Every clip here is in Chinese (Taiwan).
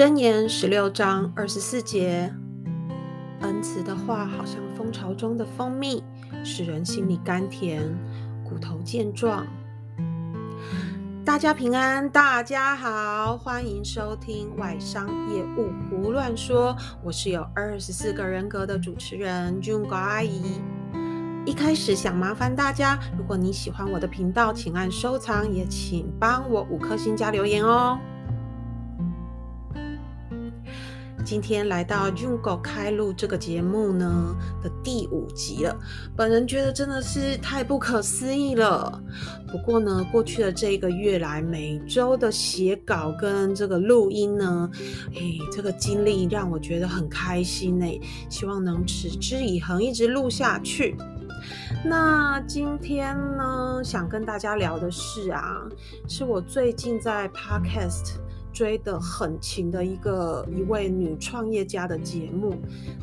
箴言十六章二十四節，恩慈的話好像蜂巢中的蜂蜜，使人心裡甘甜，骨頭健壯。大家平安，大家好，歡迎收聽外商業務胡亂說，我是有二十四個人格的主持人潤口阿姨。一開始想麻煩大家，如果你喜歡我的頻道，請按收藏，也請幫我五顆星加留言哦。今天來到 Junko 開錄這個節目呢的第五集了，本人覺得真的是太不可思議了。不過呢，過去的這一個月來每周的寫稿跟這個錄音呢，哎，這個經歷讓我覺得很開心呢。希望能持之以恆，一直錄下去。那今天呢，想跟大家聊的是啊，是我最近在 Podcast。追得很勤的一個一位女創業家的節目，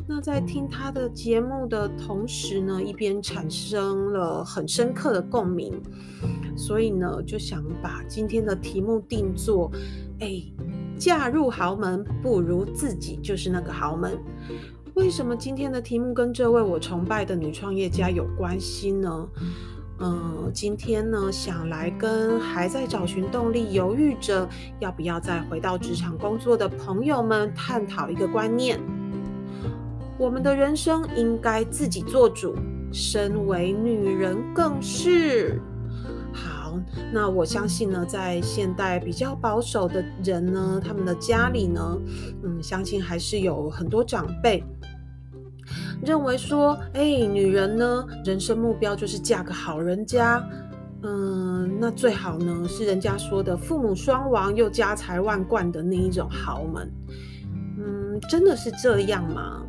那在聽她的節目的同時呢，一邊產生了很深刻的共鳴，所以呢就想把今天的題目定做，誒，嫁入豪門不如自己就是那個豪門。為什麼今天的題目跟這位我崇拜的女創業家有關係呢？嗯，今天呢，想來跟還在找尋動力、猶豫着要不要再回到職場工作的朋友們探討一個觀念：我們的人生應該自己做主，身為女人更是。好，那我相信呢，在現代比較保守的人呢，他們的家裡呢，嗯，相信還是有很多長輩。認為說，哎、欸，女人呢，人生目標就是嫁個好人家，嗯，那最好呢，是人家說的父母雙亡又家財萬貫的那一種豪門，嗯，真的是這樣嗎？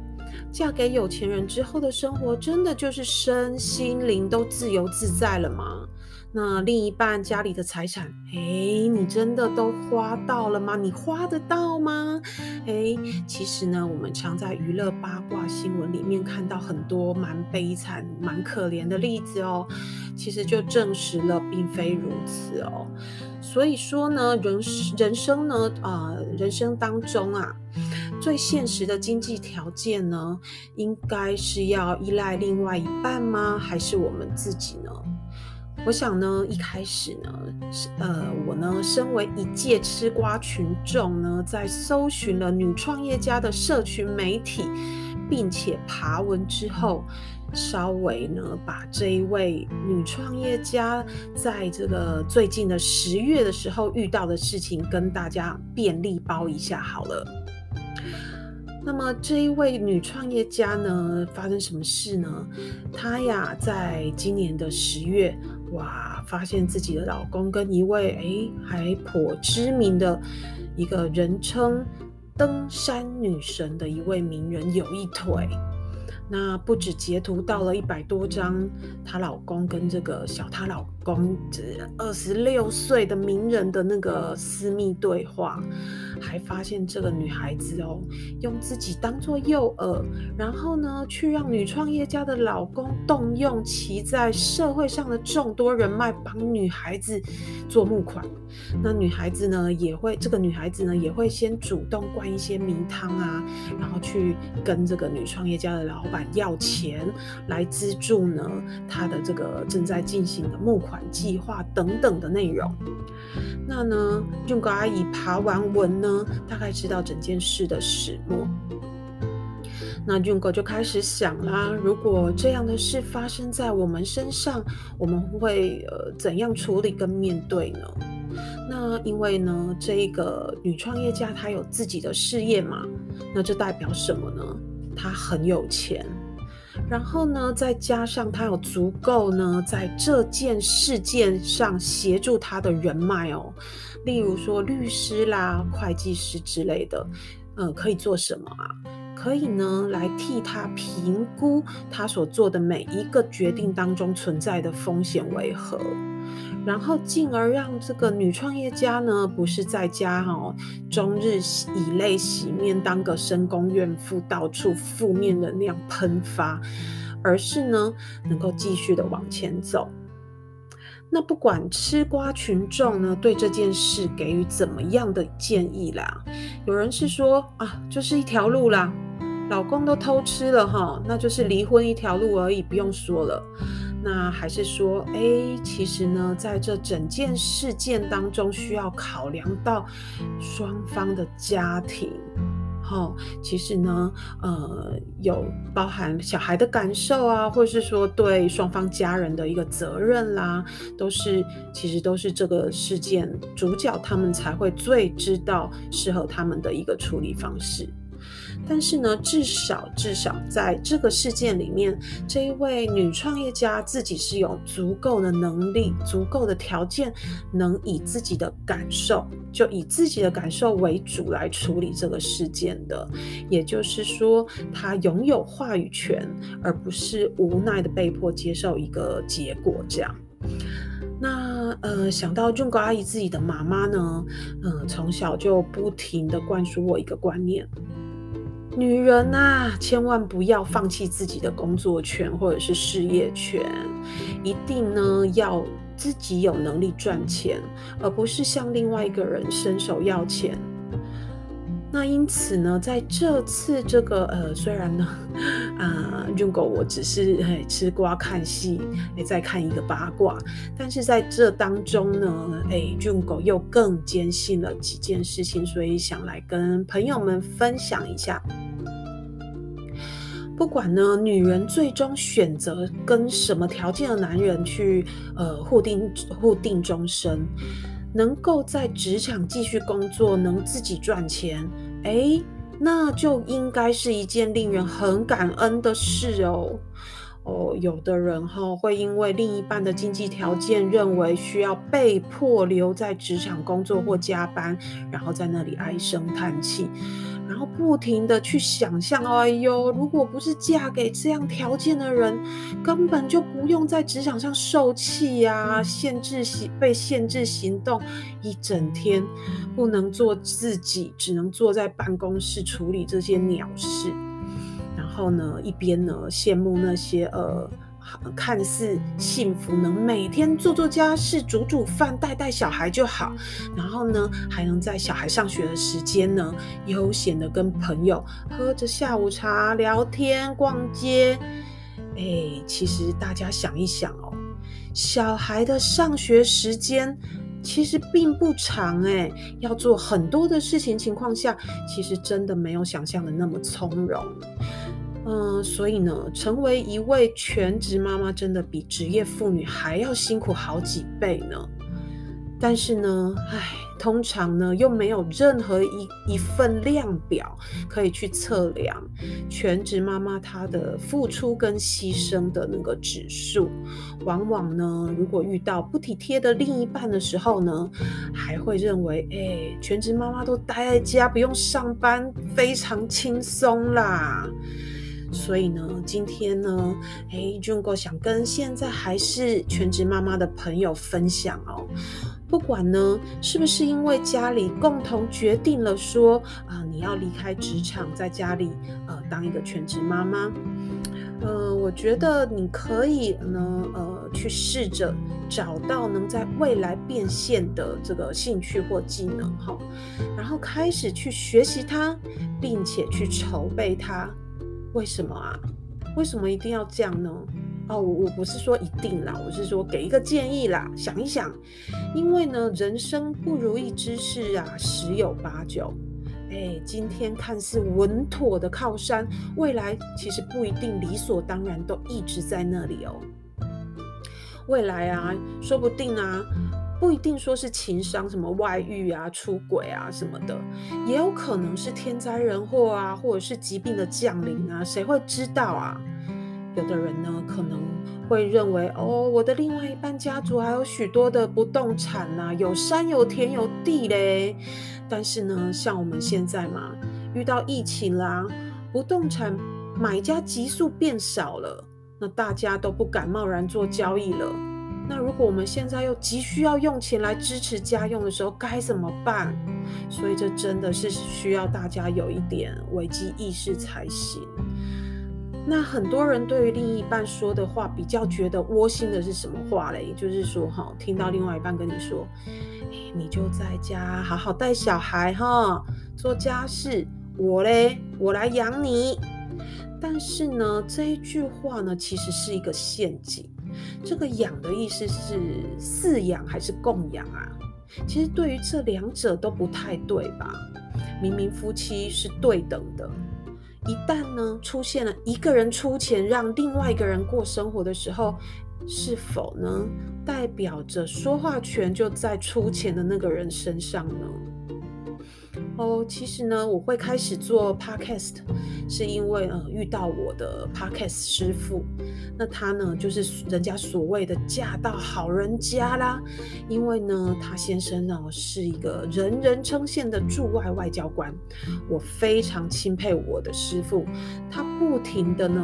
嫁給有錢人之後的生活，真的就是身心靈都自由自在了嗎？那另一半家裡的財產，哎、欸，你真的都花到了嗎？你花得到嗎？哎、欸，其實呢，我們常在娛樂八卦新聞裡面看到很多蠻悲慘、蠻可憐的例子哦。其實就證實了，並非如此哦。所以說呢，人人生呢，呃，人生當中啊。最現實的經濟條件呢，應該是要依賴另外一半嗎？還是我們自己呢？我想呢，一開始呢，呃，我呢，身為一介吃瓜群眾呢，在搜尋了女創業家的社群媒體，並且爬文之後，稍微呢，把這一位女創業家在這個最近的十月的時候遇到的事情，跟大家便利包一下好了。那麼這一位女創業家呢，發生什麼事呢？她呀，在今年的十月，哇，發現自己的老公跟一位哎還頗知名的一個人稱登山女神的一位名人有一腿。那不止截圖到了一百多張，她老公跟這個小她老公。這二十六歲的名人的那個私密對話，還發現這個女孩子哦，用自己當作誘餌，然後呢，去讓女創業家的老公動用其在社會上的眾多人脈，幫女孩子做募款。那女孩子呢，也會這個女孩子呢，也會先主動灌一些迷湯啊，然後去跟這個女創業家的老板要錢來資助呢她的這個正在進行的募款計劃等等的內容，那呢，Junko 阿姨爬完文呢，大概知道整件事的始末。那 Junko 就開始想啦，啊，如果這樣的事發生在我們身上，我們會呃怎樣處理跟面對呢？那因為呢，這一個女創業家她有自己的事業嘛，那這代表什麼呢？她很有錢。然後呢，再加上他有足夠呢，在這件事件上協助他的人脈哦，例如說律師啦、會計師之類的，嗯，可以做什麼啊？可以呢，來替他評估他所做的每一個決定當中存在的風險為何。然後進而讓這個女創業家呢，不是在家哈、哦，終日以淚洗面，當個深宮怨婦，到處負面的那樣噴發，而是呢，能夠繼續的往前走。那不管吃瓜群眾呢，對這件事給予怎麼樣的建議啦，有人是說啊，就是一條路啦，老公都偷吃了哈，那就是離婚一條路而已，不用說了。那還是說，哎、欸，其實呢，在這整件事件當中，需要考量到雙方的家庭，哈、哦，其實呢，呃，有包含小孩的感受啊，或是說對雙方家人的一個責任啦，都是其實都是這個事件主角他們才會最知道適合他們的一個處理方式。但是呢，至少至少在這個事件裡面，這一位女創業家自己是有足夠的能力、足夠的條件，能以自己的感受，就以自己的感受為主來處理這個事件的。也就是說，她擁有話語權，而不是無奈的被迫接受一個結果。這樣，那呃，想到 Junko 阿姨自己的媽媽呢，嗯、呃，從小就不停的灌輸我一個觀念。女人吶、啊，千萬不要放棄自己的工作權或者是事業權，一定呢要自己有能力賺錢，而不是向另外一個人伸手要錢。那因此呢，在這次這個呃，雖然呢，啊 Junko 我只是、欸、吃瓜看戲，哎、欸，在看一個八卦，但是在這當中呢，誒、欸、Junko 又更堅信了幾件事情，所以想來跟朋友們分享一下。不管呢，女人最終選擇跟什麼條件的男人去，呃，互定互定終身，能夠在職場繼續工作，能自己賺錢，哎，那就應該是一件令人很感恩的事哦。哦，有的人哈、哦、會因為另一半的經濟條件，認為需要被迫留在職場工作或加班，然後在那裡唉聲嘆氣。然後不停地去想象，哎呦，如果不是嫁給這樣條件的人，根本就不用在職場上受氣呀、啊，限制被限制行動一整天，不能做自己，只能坐在辦公室處理這些鳥事。然後呢，一邊呢羨慕那些呃。看似幸福，能每天做做家事、煮煮飯、帶帶小孩就好。然後呢，還能在小孩上學的時間呢，悠閒的跟朋友喝着下午茶、聊天、逛街。哎，欸，其實大家想一想哦，小孩的上學時間其實並不長。欸，哎，要做很多的事情情況下，其實真的沒有想象的那麼從容。嗯、呃，所以呢，成為一位全職媽媽真的比職業婦女還要辛苦好幾倍呢。但是呢，唉，通常呢又沒有任何一一份量表可以去測量全職媽媽她的付出跟犧牲的那個指數。往往呢，如果遇到不體貼的另一半的時候呢，還會認為，哎、欸，全職媽媽都待在家不用上班，非常輕鬆啦。所以呢，今天呢，哎，Junko 想跟現在還是全職媽媽的朋友分享哦。不管呢是不是因為家裡共同決定了說啊、呃，你要離開職場，在家裡呃當一個全職媽媽，嗯、呃，我覺得你可以呢，呃，去試着找到能在未來變現的這個興趣或技能哈、哦，然後開始去學習它，並且去籌備它。為什麼啊？為什麼一定要這樣呢？哦，我，我不是說一定啦，我是說給一個建議啦，想一想，因為呢，人生不如意之事啊，十有八九。誒，今天看似穩妥的靠山，未來其實不一定理所當然都一直在那裡哦。未來啊，說不定啊。不一定說是情傷，什麼外遇啊、出軌啊什麼的，也有可能是天災人禍啊，或者是疾病的降臨啊，誰會知道啊？有的人呢，可能會認為哦，我的另外一半家族還有許多的不動產啊，有山有田有地嘞。但是呢，像我們現在嘛，遇到疫情啦、啊，不動產買家急速變少了，那大家都不敢貿然做交易了。如果我們現在又急需要用錢來支持家用的時候該怎麼辦？所以這真的是需要大家有一點危機意識才行。那很多人對於另一半說的話比較覺得窩心的是什麼話嘞？也就是說，哈，聽到另外一半跟你說，你就在家好好帶小孩哈，做家事，我嘞，我來養你。但是呢，這一句話呢，其實是一個陷阱。這個養的意思是飼養還是供養啊？其實對於這兩者都不太對吧？明明夫妻是對等的，一旦呢出現了一個人出錢讓另外一個人過生活的時候，是否呢代表着說話權就在出錢的那個人身上呢？哦，其實呢，我會開始做 Podcast 是因為呃遇到我的 Podcast 師傅，那他呢就是人家所謂的嫁到好人家啦，因為呢他先生呢是一個人人稱羨的駐外外交官，我非常欽佩我的師傅，他不停的呢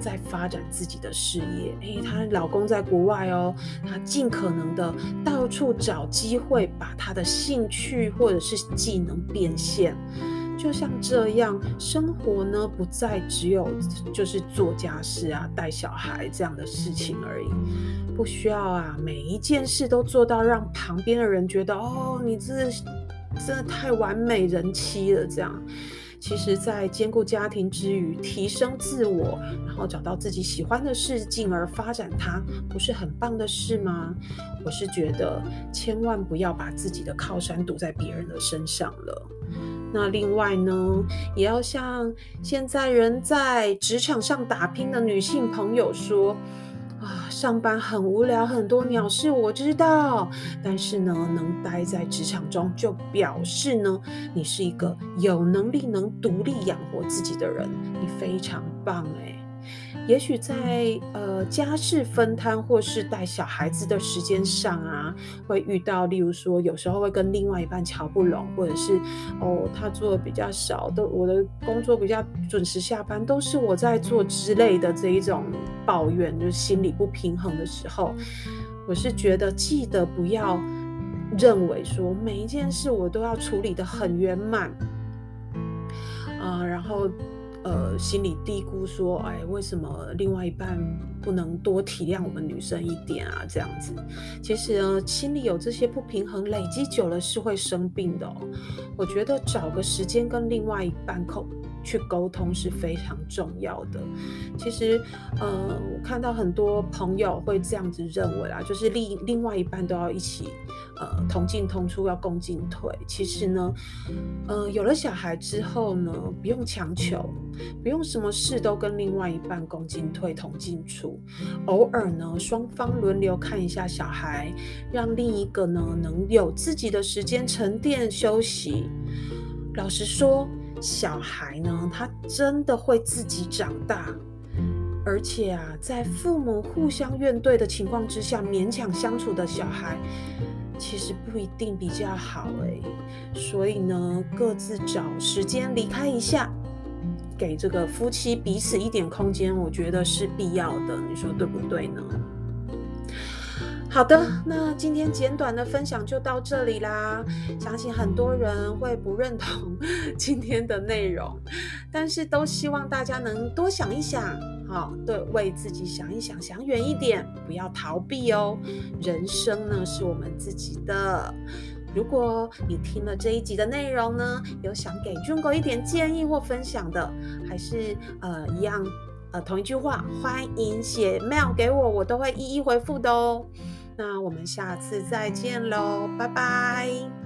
在發展自己的事業，誒，她老公在國外哦，她盡可能的到處找機會把他的興趣或者是技能變。就像這樣，生活呢不再只有就是做家事啊、帶小孩這樣的事情而已，不需要啊，每一件事都做到讓旁邊的人覺得哦，你真的，真的太完美人妻了這樣。其實，在兼顧家庭之餘，提升自我，然後找到自己喜歡的事，進而發展它，不是很棒的事嗎？我是覺得，千萬不要把自己的靠山賭在別人的身上了。那另外呢，也要像現在人在職場上打拼的女性朋友說。啊，上班很無聊，很多鳥事我知道。但是呢，能待在職場中，就表示呢，你是一個有能力能獨立養活自己的人，你非常棒欸。也許在呃家事分攤或是帶小孩子的時間上啊，會遇到，例如說有時候會跟另外一半喬不攏，或者是哦，他做的比較少，都我的工作比較準時下班，都是我在做之類的這一種抱怨，就是、心理不平衡的時候，我是覺得記得不要認為說每一件事我都要處理得很圓滿，啊、呃，然後。呃，心裡嘀咕說：“哎，為什麼另外一半？”不能多體諒我們女生一點啊，這樣子，其實呢，心裡有這些不平衡，累積久了是會生病的哦。我覺得找個時間跟另外一半口去溝通是非常重要的。其實，嗯，呃，我看到很多朋友會這樣子認為啊，就是另另外一半都要一起，呃，同進同出，要共進退。其實呢，嗯，呃，有了小孩之後呢，不用強求，不用什麼事都跟另外一半共進退、同進出。偶爾呢，雙方輪流看一下小孩，讓另一個呢能有自己的時間沉澱休息。老實說，小孩呢，他真的會自己長大，而且啊，在父母互相怨懟的情況之下，勉強相處的小孩，其實不一定比較好哎、欸。所以呢，各自找時間離開一下。給這個夫妻彼此一點空間，我覺得是必要的。你說對不對呢？好的，那今天簡短的分享就到這裡啦。相信很多人會不認同今天的內容，但是都希望大家能多想一想，好、哦，對，為自己想一想，想遠一點，不要逃避哦。人生呢，是我們自己的。如果你聽了這一集的內容呢，有想給 Junko 一點建議或分享的，還是呃一樣呃同一句話，歡迎寫 mail 給我，我都會一一回復的哦。那我們下次再見嘍，拜拜。